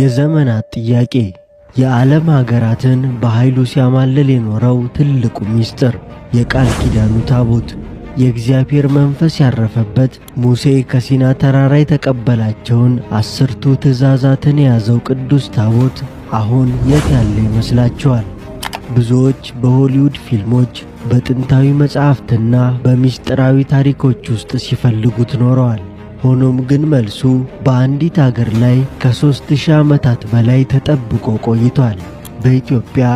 የዘመናት ጥያቄ የዓለም ሀገራትን በኃይሉ ሲያማልል የኖረው ትልቁ ምስጢር የቃል ኪዳኑ ታቦት የእግዚአብሔር መንፈስ ያረፈበት ሙሴ ከሲና ተራራ የተቀበላቸውን አስርቱ ትእዛዛትን የያዘው ቅዱስ ታቦት አሁን የት ያለ ይመስላችኋል? ብዙዎች በሆሊውድ ፊልሞች፣ በጥንታዊ መጻሕፍትና በምስጢራዊ ታሪኮች ውስጥ ሲፈልጉት ኖረዋል። ሆኖም ግን መልሱ በአንዲት አገር ላይ ከሦስት ሺህ ዓመታት በላይ ተጠብቆ ቆይቷል። በኢትዮጵያ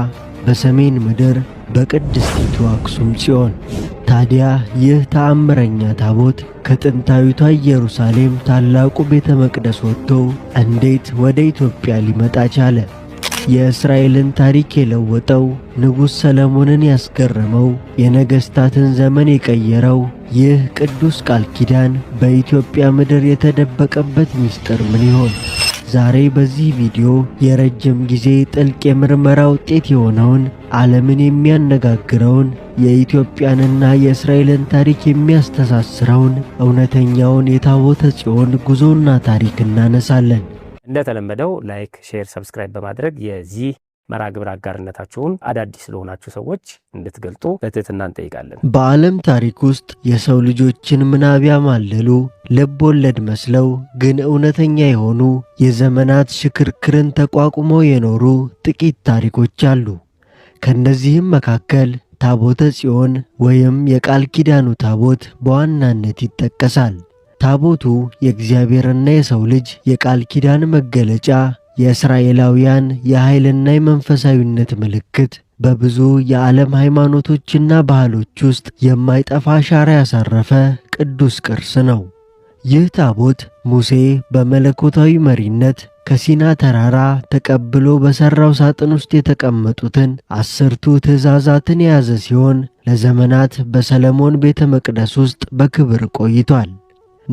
በሰሜን ምድር በቅድስቲቱ አክሱም ጽዮን። ታዲያ ይህ ተአምረኛ ታቦት ከጥንታዊቷ ኢየሩሳሌም ታላቁ ቤተ መቅደስ ወጥቶ እንዴት ወደ ኢትዮጵያ ሊመጣ ቻለ? የእስራኤልን ታሪክ የለወጠው ንጉሥ ሰለሞንን ያስገረመው የነገሥታትን ዘመን የቀየረው ይህ ቅዱስ ቃል ኪዳን በኢትዮጵያ ምድር የተደበቀበት ምስጢር ምን ይሆን? ዛሬ በዚህ ቪዲዮ የረጅም ጊዜ ጥልቅ የምርመራ ውጤት የሆነውን ዓለምን የሚያነጋግረውን የኢትዮጵያንና የእስራኤልን ታሪክ የሚያስተሳስረውን እውነተኛውን የታቦተ ጽዮን ጉዞና ታሪክ እናነሳለን። እንደተለመደው ላይክ፣ ሼር፣ ሰብስክራይብ በማድረግ የዚህ መራ ግብር አጋርነታችሁን አዳዲስ ለሆናችሁ ሰዎች እንድትገልጡ በትህትና እንጠይቃለን። በዓለም ታሪክ ውስጥ የሰው ልጆችን ምናብ ያማለሉ ልብ ወለድ መስለው ግን እውነተኛ የሆኑ የዘመናት ሽክርክርን ተቋቁመው የኖሩ ጥቂት ታሪኮች አሉ። ከእነዚህም መካከል ታቦተ ጽዮን ወይም የቃል ኪዳኑ ታቦት በዋናነት ይጠቀሳል። ታቦቱ የእግዚአብሔርና የሰው ልጅ የቃል ኪዳን መገለጫ፣ የእስራኤላውያን የኃይልና የመንፈሳዊነት ምልክት፣ በብዙ የዓለም ሃይማኖቶችና ባህሎች ውስጥ የማይጠፋ አሻራ ያሳረፈ ቅዱስ ቅርስ ነው። ይህ ታቦት ሙሴ በመለኮታዊ መሪነት ከሲና ተራራ ተቀብሎ በሠራው ሳጥን ውስጥ የተቀመጡትን አስርቱ ትእዛዛትን የያዘ ሲሆን ለዘመናት በሰለሞን ቤተ መቅደስ ውስጥ በክብር ቆይቷል።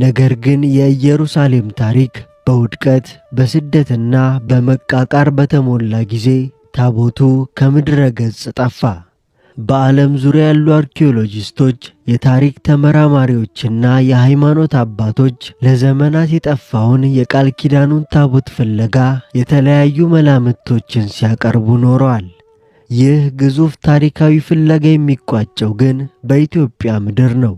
ነገር ግን የኢየሩሳሌም ታሪክ በውድቀት በስደትና በመቃቃር በተሞላ ጊዜ ታቦቱ ከምድረ ገጽ ጠፋ። በዓለም ዙሪያ ያሉ አርኪኦሎጂስቶች፣ የታሪክ ተመራማሪዎችና የሃይማኖት አባቶች ለዘመናት የጠፋውን የቃል ኪዳኑን ታቦት ፍለጋ የተለያዩ መላምቶችን ሲያቀርቡ ኖረዋል። ይህ ግዙፍ ታሪካዊ ፍለጋ የሚቋጨው ግን በኢትዮጵያ ምድር ነው።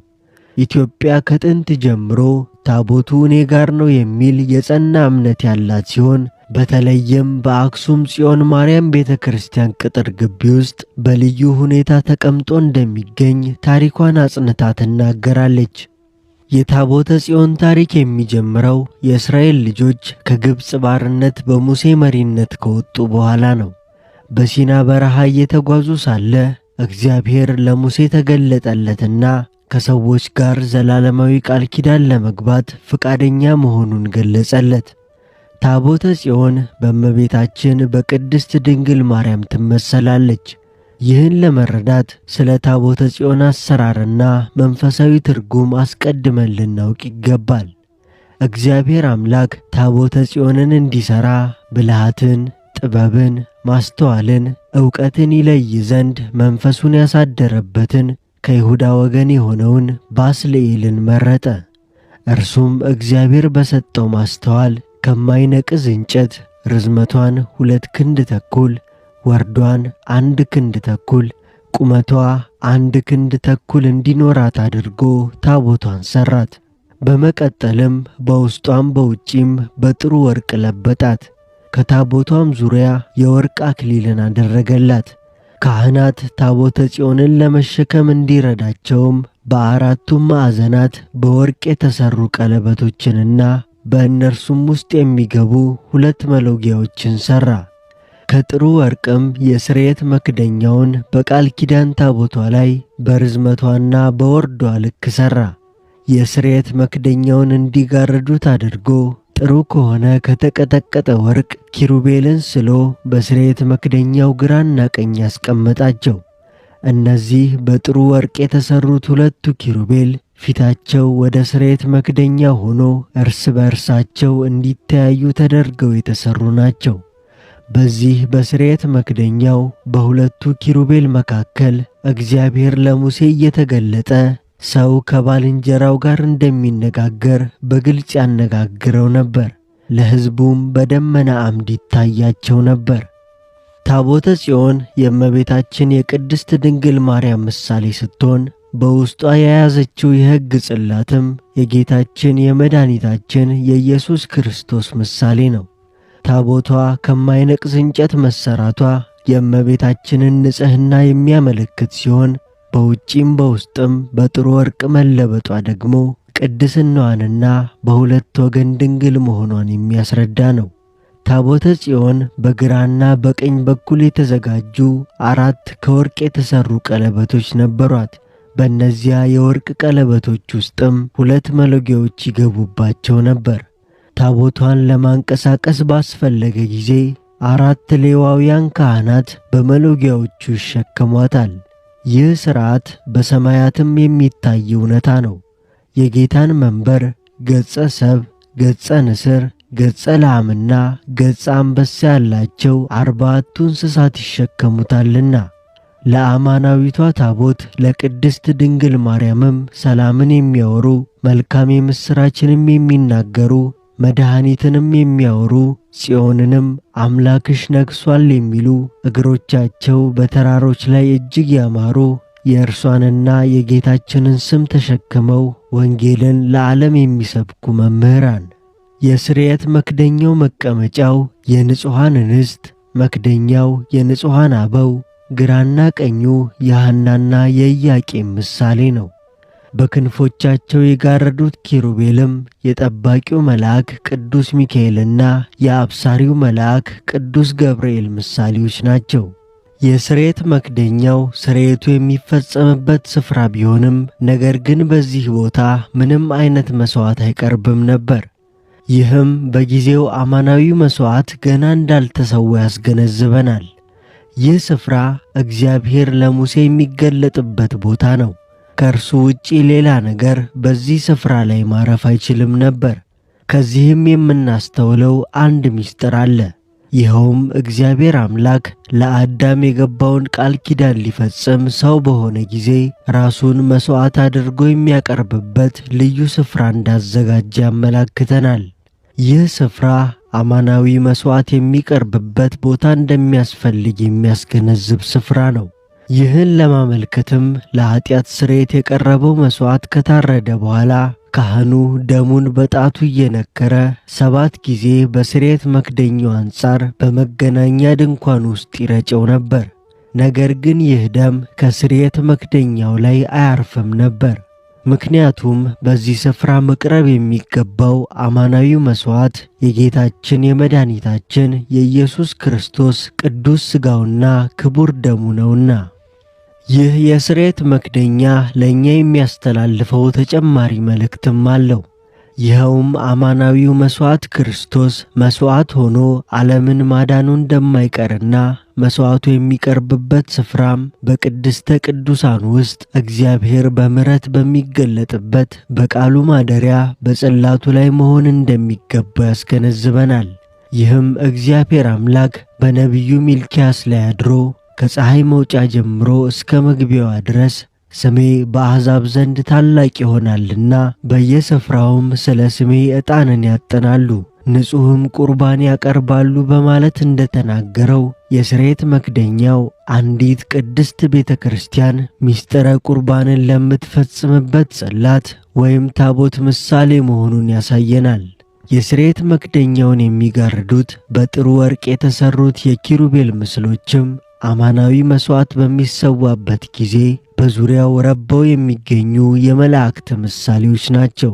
ኢትዮጵያ ከጥንት ጀምሮ ታቦቱ እኔ ጋር ነው የሚል የጸና እምነት ያላት ሲሆን በተለይም በአክሱም ጽዮን ማርያም ቤተ ክርስቲያን ቅጥር ግቢ ውስጥ በልዩ ሁኔታ ተቀምጦ እንደሚገኝ ታሪኳን አጽንታ ትናገራለች። የታቦተ ጽዮን ታሪክ የሚጀምረው የእስራኤል ልጆች ከግብፅ ባርነት በሙሴ መሪነት ከወጡ በኋላ ነው። በሲና በረሃ እየተጓዙ ሳለ እግዚአብሔር ለሙሴ ተገለጠለትና ከሰዎች ጋር ዘላለማዊ ቃል ኪዳን ለመግባት ፈቃደኛ መሆኑን ገለጸለት። ታቦተ ጽዮን በእመቤታችን በቅድስት ድንግል ማርያም ትመሰላለች። ይህን ለመረዳት ስለ ታቦተ ጽዮን አሰራርና መንፈሳዊ ትርጉም አስቀድመን ልናውቅ ይገባል። እግዚአብሔር አምላክ ታቦተ ጽዮንን እንዲሠራ ብልሃትን፣ ጥበብን፣ ማስተዋልን፣ ዕውቀትን ይለይ ዘንድ መንፈሱን ያሳደረበትን ከይሁዳ ወገን የሆነውን ባስልኤልን መረጠ። እርሱም እግዚአብሔር በሰጠው ማስተዋል ከማይነቅዝ እንጨት ርዝመቷን ሁለት ክንድ ተኩል ወርዷን አንድ ክንድ ተኩል ቁመቷ አንድ ክንድ ተኩል እንዲኖራት አድርጎ ታቦቷን ሰራት። በመቀጠልም በውስጧም በውጪም በጥሩ ወርቅ ለበጣት። ከታቦቷም ዙሪያ የወርቅ አክሊልን አደረገላት። ካህናት ታቦተ ጽዮንን ለመሸከም እንዲረዳቸውም በአራቱም ማዕዘናት በወርቅ የተሠሩ ቀለበቶችንና በእነርሱም ውስጥ የሚገቡ ሁለት መሎጊያዎችን ሠራ። ከጥሩ ወርቅም የስርየት መክደኛውን በቃል ኪዳን ታቦቷ ላይ በርዝመቷና በወርዷ ልክ ሠራ። የስርየት መክደኛውን እንዲጋረዱት አድርጎ ጥሩ ከሆነ ከተቀጠቀጠ ወርቅ ኪሩቤልን ስሎ በስሬት መክደኛው ግራና ቀኝ ያስቀመጣቸው። እነዚህ በጥሩ ወርቅ የተሰሩት ሁለቱ ኪሩቤል ፊታቸው ወደ ስሬት መክደኛ ሆኖ እርስ በእርሳቸው እንዲተያዩ ተደርገው የተሰሩ ናቸው። በዚህ በስሬት መክደኛው በሁለቱ ኪሩቤል መካከል እግዚአብሔር ለሙሴ እየተገለጠ ሰው ከባልንጀራው ጋር እንደሚነጋገር በግልጽ ያነጋግረው ነበር። ለሕዝቡም በደመና አምድ ይታያቸው ነበር። ታቦተ ጽዮን የእመቤታችን የቅድስት ድንግል ማርያም ምሳሌ ስትሆን በውስጧ የያዘችው የሕግ ጽላትም የጌታችን የመድኃኒታችን የኢየሱስ ክርስቶስ ምሳሌ ነው። ታቦቷ ከማይነቅዝ እንጨት መሠራቷ የእመቤታችንን ንጽሕና የሚያመለክት ሲሆን በውጪም በውስጥም በጥሩ ወርቅ መለበጧ ደግሞ ቅድስናዋንና በሁለት ወገን ድንግል መሆኗን የሚያስረዳ ነው። ታቦተ ጽዮን በግራና በቀኝ በኩል የተዘጋጁ አራት ከወርቅ የተሠሩ ቀለበቶች ነበሯት። በእነዚያ የወርቅ ቀለበቶች ውስጥም ሁለት መሎጊያዎች ይገቡባቸው ነበር። ታቦቷን ለማንቀሳቀስ ባስፈለገ ጊዜ አራት ሌዋውያን ካህናት በመሎጊያዎቹ ይሸከሟታል። ይህ ሥርዓት በሰማያትም የሚታይ እውነታ ነው። የጌታን መንበር ገጸ ሰብ፣ ገጸ ንስር፣ ገጸ ላምና ገጸ አንበሳ ያላቸው አርባቱ እንስሳት ይሸከሙታልና። ለአማናዊቷ ታቦት ለቅድስት ድንግል ማርያምም ሰላምን የሚያወሩ መልካም የምሥራችንም የሚናገሩ መድኃኒትንም የሚያወሩ ጽዮንንም አምላክሽ ነግሷል የሚሉ እግሮቻቸው በተራሮች ላይ እጅግ ያማሩ የእርሷንና የጌታችንን ስም ተሸክመው ወንጌልን ለዓለም የሚሰብኩ መምህራን የስርየት መክደኛው መቀመጫው የንጹሐን እንስት መክደኛው የንጹሐን አበው ግራና ቀኙ የሐናና የኢያቄም ምሳሌ ነው። በክንፎቻቸው የጋረዱት ኪሩቤልም የጠባቂው መልአክ ቅዱስ ሚካኤልና የአብሳሪው መልአክ ቅዱስ ገብርኤል ምሳሌዎች ናቸው። የስርየት መክደኛው ስርየቱ የሚፈጸምበት ስፍራ ቢሆንም ነገር ግን በዚህ ቦታ ምንም አይነት መሥዋዕት አይቀርብም ነበር። ይህም በጊዜው አማናዊ መሥዋዕት ገና እንዳልተሰዋ ያስገነዝበናል። ይህ ስፍራ እግዚአብሔር ለሙሴ የሚገለጥበት ቦታ ነው። ከእርሱ ውጪ ሌላ ነገር በዚህ ስፍራ ላይ ማረፍ አይችልም ነበር። ከዚህም የምናስተውለው አንድ ምስጢር አለ። ይኸውም እግዚአብሔር አምላክ ለአዳም የገባውን ቃል ኪዳን ሊፈጽም ሰው በሆነ ጊዜ ራሱን መሥዋዕት አድርጎ የሚያቀርብበት ልዩ ስፍራ እንዳዘጋጀ ያመላክተናል። ይህ ስፍራ አማናዊ መሥዋዕት የሚቀርብበት ቦታ እንደሚያስፈልግ የሚያስገነዝብ ስፍራ ነው። ይህን ለማመልከትም ለኃጢአት ስርየት የቀረበው መሥዋዕት ከታረደ በኋላ ካህኑ ደሙን በጣቱ እየነከረ ሰባት ጊዜ በስርየት መክደኛው አንጻር በመገናኛ ድንኳን ውስጥ ይረጨው ነበር። ነገር ግን ይህ ደም ከስርየት መክደኛው ላይ አያርፍም ነበር። ምክንያቱም በዚህ ስፍራ መቅረብ የሚገባው አማናዊው መሥዋዕት የጌታችን የመድኃኒታችን የኢየሱስ ክርስቶስ ቅዱስ ሥጋውና ክቡር ደሙ ነውና። ይህ የስርየት መክደኛ ለእኛ የሚያስተላልፈው ተጨማሪ መልእክትም አለው። ይኸውም አማናዊው መሥዋዕት ክርስቶስ መሥዋዕት ሆኖ ዓለምን ማዳኑ እንደማይቀርና መሥዋዕቱ የሚቀርብበት ስፍራም በቅድስተ ቅዱሳን ውስጥ እግዚአብሔር በምሕረት በሚገለጥበት በቃሉ ማደሪያ በጽላቱ ላይ መሆን እንደሚገባ ያስገነዝበናል። ይህም እግዚአብሔር አምላክ በነቢዩ ሚልኪያስ ላይ አድሮ ከፀሐይ መውጫ ጀምሮ እስከ መግቢያዋ ድረስ ስሜ በአሕዛብ ዘንድ ታላቅ ይሆናልና በየስፍራውም ስለ ስሜ ዕጣንን ያጠናሉ ንጹሕም ቁርባን ያቀርባሉ በማለት እንደተናገረው የስሬት መክደኛው አንዲት ቅድስት ቤተ ክርስቲያን ምስጢረ ቁርባንን ለምትፈጽምበት ጽላት ወይም ታቦት ምሳሌ መሆኑን ያሳየናል። የስሬት መክደኛውን የሚጋርዱት በጥሩ ወርቅ የተሠሩት የኪሩቤል ምስሎችም አማናዊ መሥዋዕት በሚሰዋበት ጊዜ በዙሪያው ረበው የሚገኙ የመላእክት ምሳሌዎች ናቸው።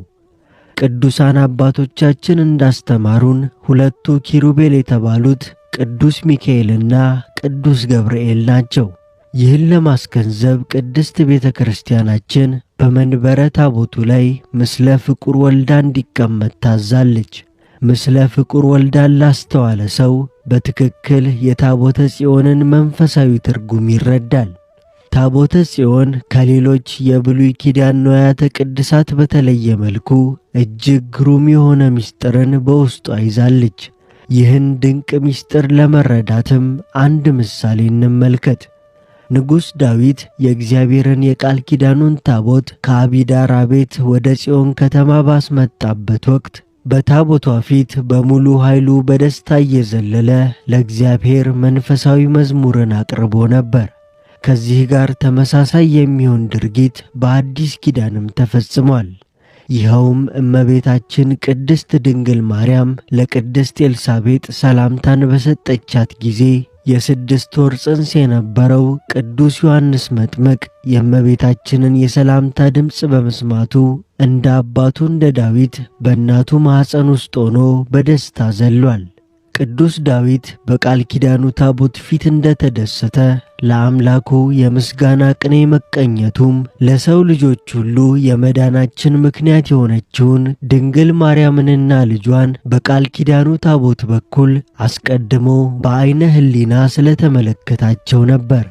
ቅዱሳን አባቶቻችን እንዳስተማሩን ሁለቱ ኪሩቤል የተባሉት ቅዱስ ሚካኤልና ቅዱስ ገብርኤል ናቸው። ይህን ለማስገንዘብ ቅድስት ቤተ ክርስቲያናችን በመንበረ ታቦቱ ላይ ምስለ ፍቁር ወልዳ እንዲቀመጥ ታዛለች። ምስለ ፍቁር ወልዳን ላስተዋለ ሰው በትክክል የታቦተ ጽዮንን መንፈሳዊ ትርጉም ይረዳል። ታቦተ ጽዮን ከሌሎች የብሉይ ኪዳን ንዋያተ ቅድሳት በተለየ መልኩ እጅግ ግሩም የሆነ ምስጢርን በውስጧ ይዛለች። ይህን ድንቅ ምስጢር ለመረዳትም አንድ ምሳሌ እንመልከት። ንጉሥ ዳዊት የእግዚአብሔርን የቃል ኪዳኑን ታቦት ከአቢዳራ ቤት ወደ ጽዮን ከተማ ባስመጣበት ወቅት በታቦቷ ፊት በሙሉ ኃይሉ በደስታ እየዘለለ ለእግዚአብሔር መንፈሳዊ መዝሙርን አቅርቦ ነበር። ከዚህ ጋር ተመሳሳይ የሚሆን ድርጊት በአዲስ ኪዳንም ተፈጽሟል። ይኸውም እመቤታችን ቅድስት ድንግል ማርያም ለቅድስት ኤልሳቤጥ ሰላምታን በሰጠቻት ጊዜ የስድስት ወር ጽንስ የነበረው ቅዱስ ዮሐንስ መጥምቅ የእመቤታችንን የሰላምታ ድምፅ በመስማቱ እንደ አባቱ እንደ ዳዊት በእናቱ ማኅፀን ውስጥ ሆኖ በደስታ ዘሏል። ቅዱስ ዳዊት በቃል ኪዳኑ ታቦት ፊት እንደተደሰተ ለአምላኩ የምስጋና ቅኔ መቀኘቱም ለሰው ልጆች ሁሉ የመዳናችን ምክንያት የሆነችውን ድንግል ማርያምንና ልጇን በቃል ኪዳኑ ታቦት በኩል አስቀድሞ በዐይነ ሕሊና ስለተመለከታቸው ነበር።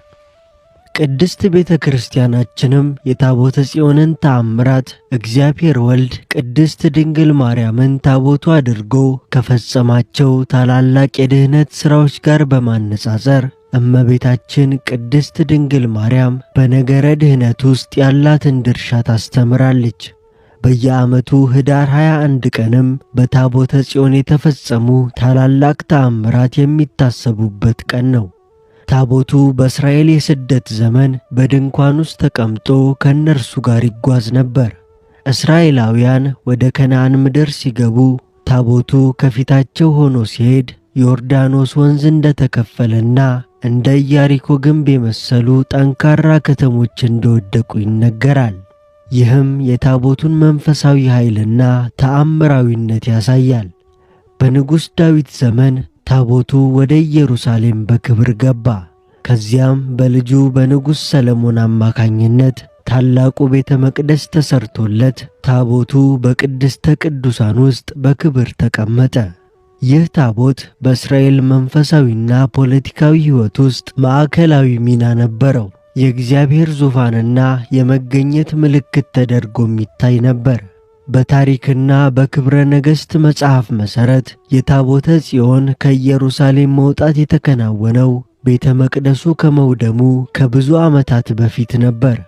ቅድስት ቤተ ክርስቲያናችንም የታቦተ ጽዮንን ተአምራት እግዚአብሔር ወልድ ቅድስት ድንግል ማርያምን ታቦቱ አድርጎ ከፈጸማቸው ታላላቅ የድኅነት ሥራዎች ጋር በማነጻጸር እመቤታችን ቅድስት ድንግል ማርያም በነገረ ድኅነት ውስጥ ያላትን ድርሻ ታስተምራለች። በየዓመቱ ኅዳር 21 ቀንም በታቦተ ጽዮን የተፈጸሙ ታላላቅ ተአምራት የሚታሰቡበት ቀን ነው። ታቦቱ በእስራኤል የስደት ዘመን በድንኳን ውስጥ ተቀምጦ ከእነርሱ ጋር ይጓዝ ነበር። እስራኤላውያን ወደ ከነዓን ምድር ሲገቡ ታቦቱ ከፊታቸው ሆኖ ሲሄድ ዮርዳኖስ ወንዝ እንደተከፈለና እንደ ኢያሪኮ ግንብ የመሰሉ ጠንካራ ከተሞች እንደወደቁ ይነገራል። ይህም የታቦቱን መንፈሳዊ ኃይልና ተአምራዊነት ያሳያል። በንጉሥ ዳዊት ዘመን ታቦቱ ወደ ኢየሩሳሌም በክብር ገባ። ከዚያም በልጁ በንጉሥ ሰለሞን አማካኝነት ታላቁ ቤተ መቅደስ ተሰርቶለት ታቦቱ በቅድስተ ቅዱሳን ውስጥ በክብር ተቀመጠ። ይህ ታቦት በእስራኤል መንፈሳዊና ፖለቲካዊ ሕይወት ውስጥ ማዕከላዊ ሚና ነበረው። የእግዚአብሔር ዙፋንና የመገኘት ምልክት ተደርጎም ይታይ ነበር። በታሪክና በክብረ ነገሥት መጽሐፍ መሠረት የታቦተ ጽዮን ከኢየሩሳሌም መውጣት የተከናወነው ቤተ መቅደሱ ከመውደሙ ከብዙ ዓመታት በፊት ነበር።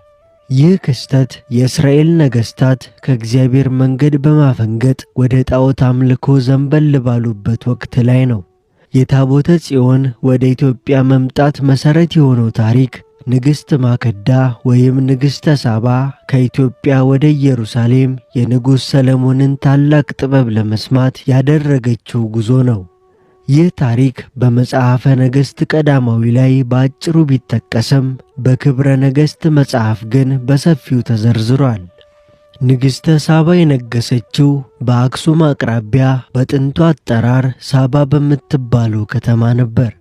ይህ ክስተት የእስራኤል ነገሥታት ከእግዚአብሔር መንገድ በማፈንገጥ ወደ ጣዖት አምልኮ ዘንበል ባሉበት ወቅት ላይ ነው። የታቦተ ጽዮን ወደ ኢትዮጵያ መምጣት መሠረት የሆነው ታሪክ ንግሥት ማከዳ ወይም ንግሥተ ሳባ ከኢትዮጵያ ወደ ኢየሩሳሌም የንጉሥ ሰለሞንን ታላቅ ጥበብ ለመስማት ያደረገችው ጉዞ ነው። ይህ ታሪክ በመጽሐፈ ነገሥት ቀዳማዊ ላይ በአጭሩ ቢጠቀስም በክብረ ነገሥት መጽሐፍ ግን በሰፊው ተዘርዝሯል። ንግሥተ ሳባ የነገሰችው በአክሱም አቅራቢያ በጥንቱ አጠራር ሳባ በምትባለው ከተማ ነበር።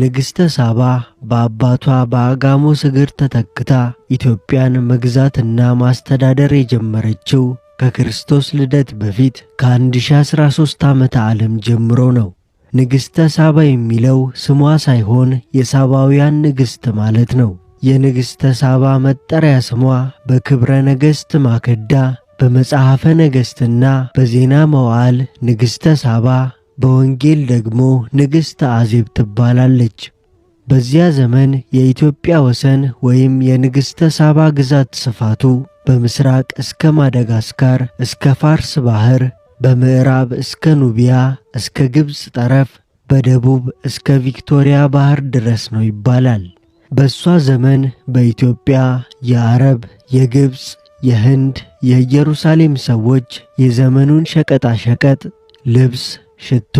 ንግሥተ ሳባ በአባቷ በአጋሞስ እግር ተተክታ ኢትዮጵያን መግዛትና ማስተዳደር የጀመረችው ከክርስቶስ ልደት በፊት ከ1013 ዓመተ ዓለም ጀምሮ ነው። ንግሥተ ሳባ የሚለው ስሟ ሳይሆን የሳባውያን ንግሥት ማለት ነው። የንግሥተ ሳባ መጠሪያ ስሟ በክብረ ነገሥት ማከዳ፣ በመጽሐፈ ነገሥትና በዜና መዋዕል ንግሥተ ሳባ በወንጌል ደግሞ ንግሥተ አዜብ ትባላለች። በዚያ ዘመን የኢትዮጵያ ወሰን ወይም የንግሥተ ሳባ ግዛት ስፋቱ በምስራቅ እስከ ማደጋስካር እስከ ፋርስ ባሕር፣ በምዕራብ እስከ ኑቢያ እስከ ግብፅ ጠረፍ፣ በደቡብ እስከ ቪክቶሪያ ባሕር ድረስ ነው ይባላል። በእሷ ዘመን በኢትዮጵያ የአረብ፣ የግብፅ፣ የህንድ፣ የኢየሩሳሌም ሰዎች የዘመኑን ሸቀጣሸቀጥ ልብስ፣ ሽቶ፣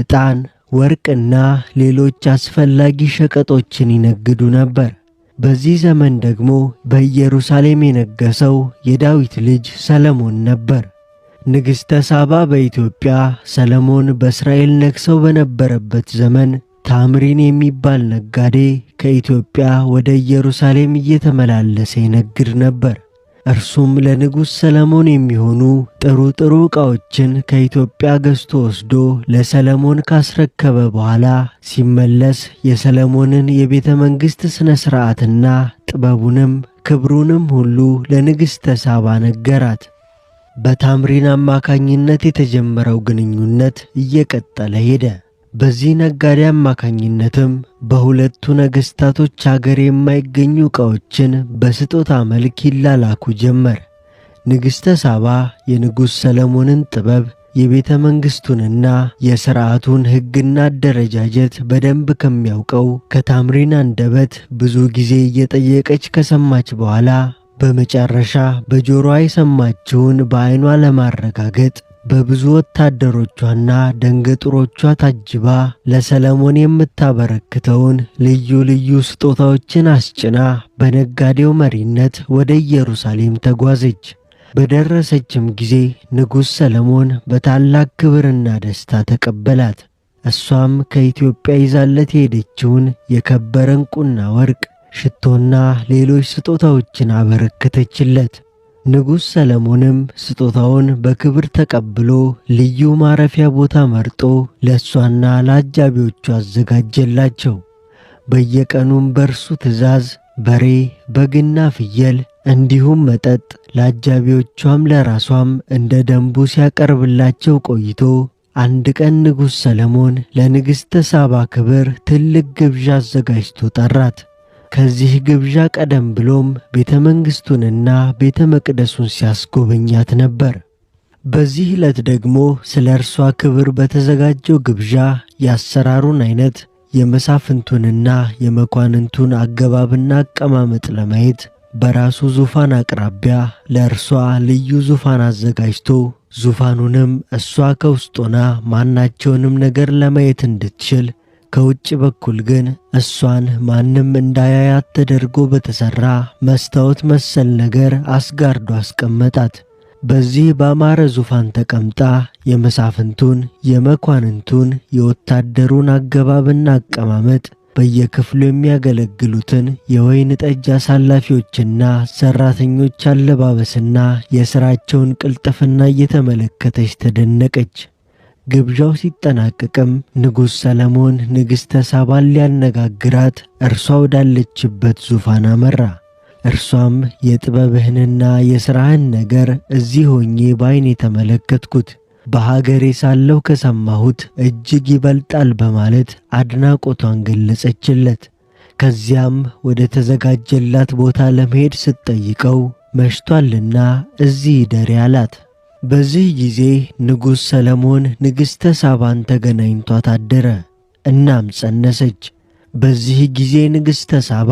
ዕጣን፣ ወርቅና ሌሎች አስፈላጊ ሸቀጦችን ይነግዱ ነበር። በዚህ ዘመን ደግሞ በኢየሩሳሌም የነገሰው የዳዊት ልጅ ሰለሞን ነበር። ንግሥተ ሳባ በኢትዮጵያ ሰለሞን በእስራኤል ነግሰው በነበረበት ዘመን ታምሪን የሚባል ነጋዴ ከኢትዮጵያ ወደ ኢየሩሳሌም እየተመላለሰ ይነግድ ነበር። እርሱም ለንጉሥ ሰለሞን የሚሆኑ ጥሩ ጥሩ ዕቃዎችን ከኢትዮጵያ ገዝቶ ወስዶ ለሰለሞን ካስረከበ በኋላ ሲመለስ የሰለሞንን የቤተ መንግሥት ሥነ ሥርዓትና ጥበቡንም ክብሩንም ሁሉ ለንግሥተ ሳባ ነገራት። በታምሪን አማካኝነት የተጀመረው ግንኙነት እየቀጠለ ሄደ። በዚህ ነጋዴ አማካኝነትም በሁለቱ ነገሥታቶች አገር የማይገኙ ዕቃዎችን በስጦታ መልክ ይላላኩ ጀመር። ንግሥተ ሳባ የንጉሥ ሰለሞንን ጥበብ የቤተ መንግሥቱንና የሥርዓቱን ሕግና አደረጃጀት በደንብ ከሚያውቀው ከታምሪን አንደበት ብዙ ጊዜ እየጠየቀች ከሰማች በኋላ በመጨረሻ በጆሮዋ የሰማችውን በዐይኗ ለማረጋገጥ በብዙ ወታደሮቿና ደንገጥሮቿ ታጅባ ለሰለሞን የምታበረክተውን ልዩ ልዩ ስጦታዎችን አስጭና በነጋዴው መሪነት ወደ ኢየሩሳሌም ተጓዘች። በደረሰችም ጊዜ ንጉሥ ሰለሞን በታላቅ ክብርና ደስታ ተቀበላት። እሷም ከኢትዮጵያ ይዛለት የሄደችውን የከበረ ዕንቁና ወርቅ፣ ሽቶና ሌሎች ስጦታዎችን አበረከተችለት። ንጉሥ ሰለሞንም ስጦታውን በክብር ተቀብሎ ልዩ ማረፊያ ቦታ መርጦ ለእሷና ለአጃቢዎቹ አዘጋጀላቸው። በየቀኑም በእርሱ ትእዛዝ በሬ፣ በግና ፍየል እንዲሁም መጠጥ ለአጃቢዎቿም ለራሷም እንደ ደንቡ ሲያቀርብላቸው ቆይቶ አንድ ቀን ንጉሥ ሰለሞን ለንግሥተ ሳባ ክብር ትልቅ ግብዣ አዘጋጅቶ ጠራት። ከዚህ ግብዣ ቀደም ብሎም ቤተ መንግሥቱንና ቤተ መቅደሱን ሲያስጎበኛት ነበር። በዚህ ዕለት ደግሞ ስለ እርሷ ክብር በተዘጋጀው ግብዣ የአሰራሩን አይነት የመሳፍንቱንና የመኳንንቱን አገባብና አቀማመጥ ለማየት በራሱ ዙፋን አቅራቢያ ለእርሷ ልዩ ዙፋን አዘጋጅቶ ዙፋኑንም እሷ ከውስጥ ማናቸውንም ነገር ለማየት እንድትችል ከውጭ በኩል ግን እሷን ማንም እንዳያያት ተደርጎ በተሠራ መስታወት መሰል ነገር አስጋርዶ አስቀመጣት። በዚህ ባማረ ዙፋን ተቀምጣ የመሳፍንቱን፣ የመኳንንቱን፣ የወታደሩን አገባብና አቀማመጥ በየክፍሉ የሚያገለግሉትን የወይን ጠጅ አሳላፊዎችና ሰራተኞች አለባበስና የሥራቸውን ቅልጥፍና እየተመለከተች ተደነቀች። ግብዣው ሲጠናቀቅም ንጉሥ ሰለሞን ንግሥተ ሳባን ሊያነጋግራት እርሷ ወዳለችበት ዙፋን አመራ። እርሷም የጥበብህንና የሥራህን ነገር እዚህ ሆኜ ባይን የተመለከትኩት በሀገሬ ሳለሁ ከሰማሁት እጅግ ይበልጣል በማለት አድናቆቷን ገለጸችለት። ከዚያም ወደ ተዘጋጀላት ቦታ ለመሄድ ስትጠይቀው መሽቷልና እዚህ ደሬ አላት። በዚህ ጊዜ ንጉሥ ሰለሞን ንግሥተ ሳባን ተገናኝቷ ታደረ እናም ጸነሰች። በዚህ ጊዜ ንግሥተ ሳባ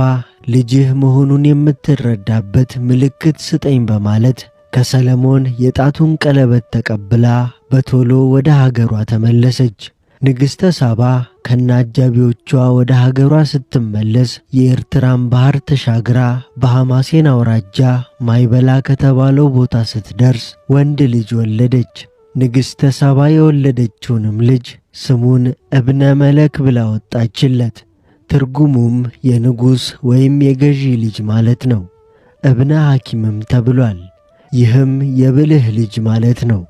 ልጅህ መሆኑን የምትረዳበት ምልክት ስጠኝ በማለት ከሰለሞን የጣቱን ቀለበት ተቀብላ በቶሎ ወደ ሀገሯ ተመለሰች። ንግሥተ ሳባ ከነአጃቢዎቿ ወደ ሀገሯ ስትመለስ የኤርትራን ባህር ተሻግራ በሐማሴን አውራጃ ማይበላ ከተባለው ቦታ ስትደርስ ወንድ ልጅ ወለደች። ንግሥተ ሳባ የወለደችውንም ልጅ ስሙን እብነ መለክ ብላ ወጣችለት። ትርጉሙም የንጉሥ ወይም የገዢ ልጅ ማለት ነው። እብነ ሐኪምም ተብሏል። ይህም የብልህ ልጅ ማለት ነው።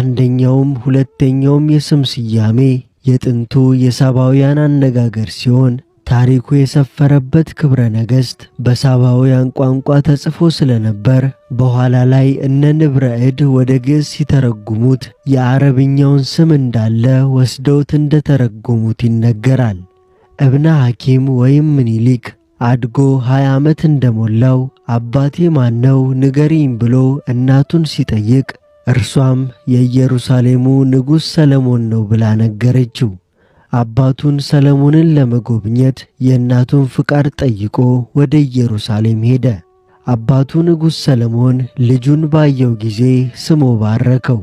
አንደኛውም ሁለተኛውም የስም ስያሜ የጥንቱ የሳባውያን አነጋገር ሲሆን ታሪኩ የሰፈረበት ክብረ ነገሥት በሳባውያን ቋንቋ ተጽፎ ስለነበር በኋላ ላይ እነ ንብረ ዕድ ወደ ግዕዝ ሲተረጉሙት የአረብኛውን ስም እንዳለ ወስደውት እንደተረጎሙት ይነገራል። እብነ ሐኪም ወይም ምኒልክ አድጎ ሀያ ዓመት እንደሞላው አባቴ ማነው ነው ንገሪኝ ብሎ እናቱን ሲጠይቅ እርሷም የኢየሩሳሌሙ ንጉሥ ሰለሞን ነው ብላ ነገረችው። አባቱን ሰለሞንን ለመጎብኘት የእናቱን ፍቃድ ጠይቆ ወደ ኢየሩሳሌም ሄደ። አባቱ ንጉሥ ሰለሞን ልጁን ባየው ጊዜ ስሞ ባረከው።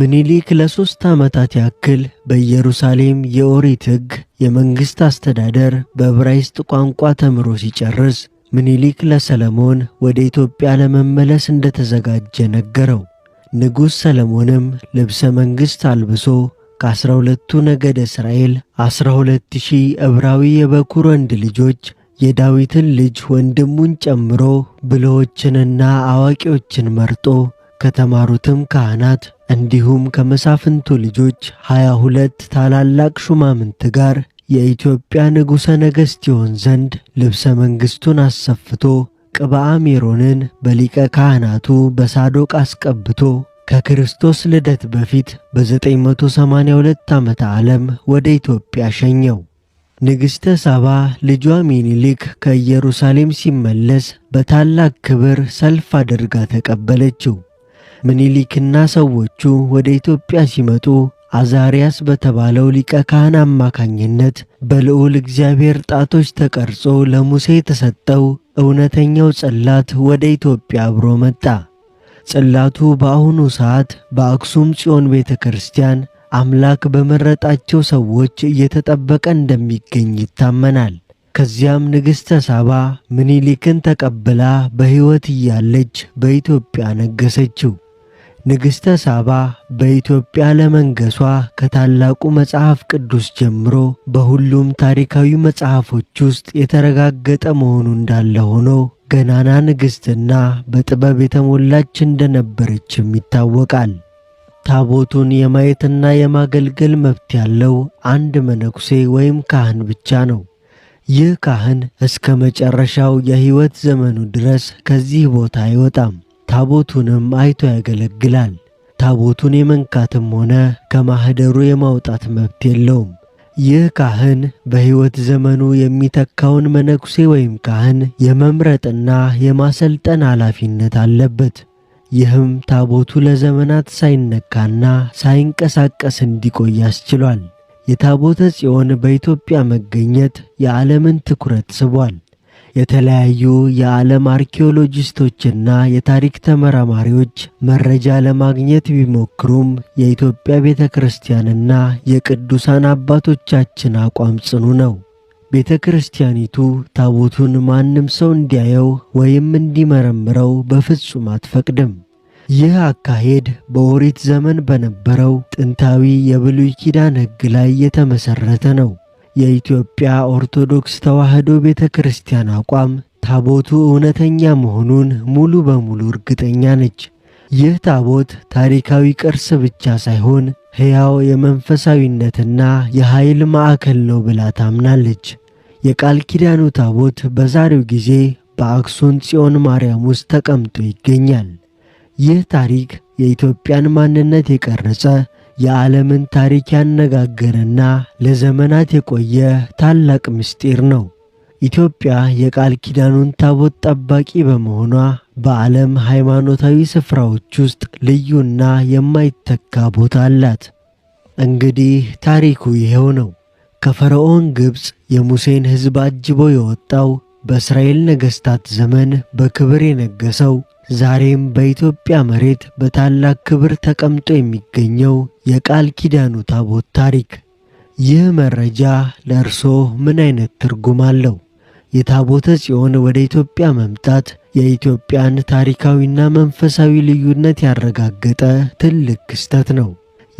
ምኒሊክ ለሦስት ዓመታት ያክል በኢየሩሳሌም የኦሪት ሕግ፣ የመንግሥት አስተዳደር በዕብራይስጥ ቋንቋ ተምሮ ሲጨርስ ምኒሊክ ለሰለሞን ወደ ኢትዮጵያ ለመመለስ እንደተዘጋጀ ነገረው። ንጉሥ ሰለሞንም ልብሰ መንግሥት አልብሶ ከአስራ ሁለቱ ነገደ እስራኤል አስራ ሁለት ሺህ ዕብራዊ የበኩር ወንድ ልጆች የዳዊትን ልጅ ወንድሙን ጨምሮ ብልሆችንና አዋቂዎችን መርጦ ከተማሩትም ካህናት እንዲሁም ከመሳፍንቱ ልጆች ሀያ ሁለት ታላላቅ ሹማምንት ጋር የኢትዮጵያ ንጉሠ ነገሥት ይሆን ዘንድ ልብሰ መንግሥቱን አሰፍቶ ቅብአሜሮንን በሊቀ ካህናቱ በሳዶቅ አስቀብቶ ከክርስቶስ ልደት በፊት በ982 ዓመተ ዓለም ወደ ኢትዮጵያ ሸኘው። ንግሥተ ሳባ ልጇ ሚኒሊክ ከኢየሩሳሌም ሲመለስ በታላቅ ክብር ሰልፍ አድርጋ ተቀበለችው። ምኒሊክና ሰዎቹ ወደ ኢትዮጵያ ሲመጡ አዛሪያስ በተባለው ሊቀ ካህን አማካኝነት በልዑል እግዚአብሔር ጣቶች ተቀርጾ ለሙሴ የተሰጠው እውነተኛው ጽላት ወደ ኢትዮጵያ አብሮ መጣ። ጽላቱ በአሁኑ ሰዓት በአክሱም ጽዮን ቤተ ክርስቲያን አምላክ በመረጣቸው ሰዎች እየተጠበቀ እንደሚገኝ ይታመናል። ከዚያም ንግሥተ ሳባ ምኒሊክን ተቀብላ በሕይወት እያለች በኢትዮጵያ ነገሰችው። ንግሥተ ሳባ በኢትዮጵያ ለመንገሷ ከታላቁ መጽሐፍ ቅዱስ ጀምሮ በሁሉም ታሪካዊ መጽሐፎች ውስጥ የተረጋገጠ መሆኑ እንዳለ ሆኖ ገናና ንግሥትና በጥበብ የተሞላች እንደነበረችም ይታወቃል። ታቦቱን የማየትና የማገልገል መብት ያለው አንድ መነኩሴ ወይም ካህን ብቻ ነው። ይህ ካህን እስከ መጨረሻው የሕይወት ዘመኑ ድረስ ከዚህ ቦታ አይወጣም። ታቦቱንም አይቶ ያገለግላል። ታቦቱን የመንካትም ሆነ ከማኅደሩ የማውጣት መብት የለውም። ይህ ካህን በሕይወት ዘመኑ የሚተካውን መነኩሴ ወይም ካህን የመምረጥና የማሰልጠን ኃላፊነት አለበት። ይህም ታቦቱ ለዘመናት ሳይነካና ሳይንቀሳቀስ እንዲቆይ አስችሏል። የታቦተ ጽዮን በኢትዮጵያ መገኘት የዓለምን ትኩረት ስቧል። የተለያዩ የዓለም አርኪኦሎጂስቶችና የታሪክ ተመራማሪዎች መረጃ ለማግኘት ቢሞክሩም የኢትዮጵያ ቤተ ክርስቲያንና የቅዱሳን አባቶቻችን አቋም ጽኑ ነው። ቤተ ክርስቲያኒቱ ታቦቱን ማንም ሰው እንዲያየው ወይም እንዲመረምረው በፍጹም አትፈቅድም። ይህ አካሄድ በኦሪት ዘመን በነበረው ጥንታዊ የብሉይ ኪዳን ሕግ ላይ የተመሠረተ ነው። የኢትዮጵያ ኦርቶዶክስ ተዋሕዶ ቤተ ክርስቲያን አቋም ታቦቱ እውነተኛ መሆኑን ሙሉ በሙሉ እርግጠኛ ነች። ይህ ታቦት ታሪካዊ ቅርስ ብቻ ሳይሆን ሕያው የመንፈሳዊነትና የኃይል ማዕከል ነው ብላ ታምናለች። የቃል ኪዳኑ ታቦት በዛሬው ጊዜ በአክሱም ጽዮን ማርያም ውስጥ ተቀምጦ ይገኛል። ይህ ታሪክ የኢትዮጵያን ማንነት የቀረጸ የዓለምን ታሪክ ያነጋገረና ለዘመናት የቆየ ታላቅ ምስጢር ነው። ኢትዮጵያ የቃል ኪዳኑን ታቦት ጠባቂ በመሆኗ በዓለም ሃይማኖታዊ ስፍራዎች ውስጥ ልዩና የማይተካ ቦታ አላት። እንግዲህ ታሪኩ ይኸው ነው። ከፈርዖን ግብፅ የሙሴን ሕዝብ አጅቦ የወጣው በእስራኤል ነገሥታት ዘመን በክብር የነገሰው። ዛሬም በኢትዮጵያ መሬት በታላቅ ክብር ተቀምጦ የሚገኘው የቃል ኪዳኑ ታቦት ታሪክ። ይህ መረጃ ለእርስዎ ምን አይነት ትርጉም አለው? የታቦተ ጽዮን ወደ ኢትዮጵያ መምጣት የኢትዮጵያን ታሪካዊና መንፈሳዊ ልዩነት ያረጋገጠ ትልቅ ክስተት ነው።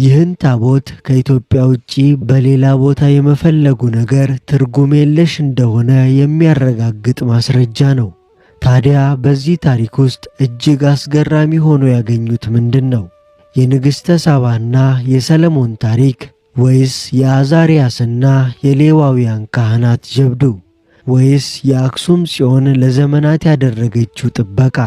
ይህን ታቦት ከኢትዮጵያ ውጪ በሌላ ቦታ የመፈለጉ ነገር ትርጉም የለሽ እንደሆነ የሚያረጋግጥ ማስረጃ ነው። ታዲያ በዚህ ታሪክ ውስጥ እጅግ አስገራሚ ሆኖ ያገኙት ምንድን ነው? የንግሥተ ሳባና የሰለሞን ታሪክ ወይስ የአዛርያስና የሌዋውያን ካህናት ጀብዱ ወይስ የአክሱም ጽዮን ለዘመናት ያደረገችው ጥበቃ?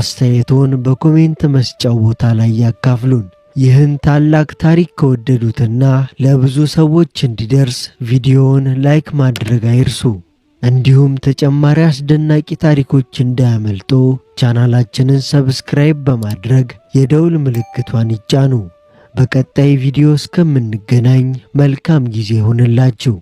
አስተያየቶን በኮሜንት መስጫው ቦታ ላይ ያካፍሉን። ይህን ታላቅ ታሪክ ከወደዱትና ለብዙ ሰዎች እንዲደርስ ቪዲዮውን ላይክ ማድረግ አይርሱ። እንዲሁም ተጨማሪ አስደናቂ ታሪኮች እንዳያመልጡ ቻናላችንን ሰብስክራይብ በማድረግ የደውል ምልክቷን ይጫኑ። በቀጣይ ቪዲዮ እስከምንገናኝ መልካም ጊዜ ይሁንላችሁ።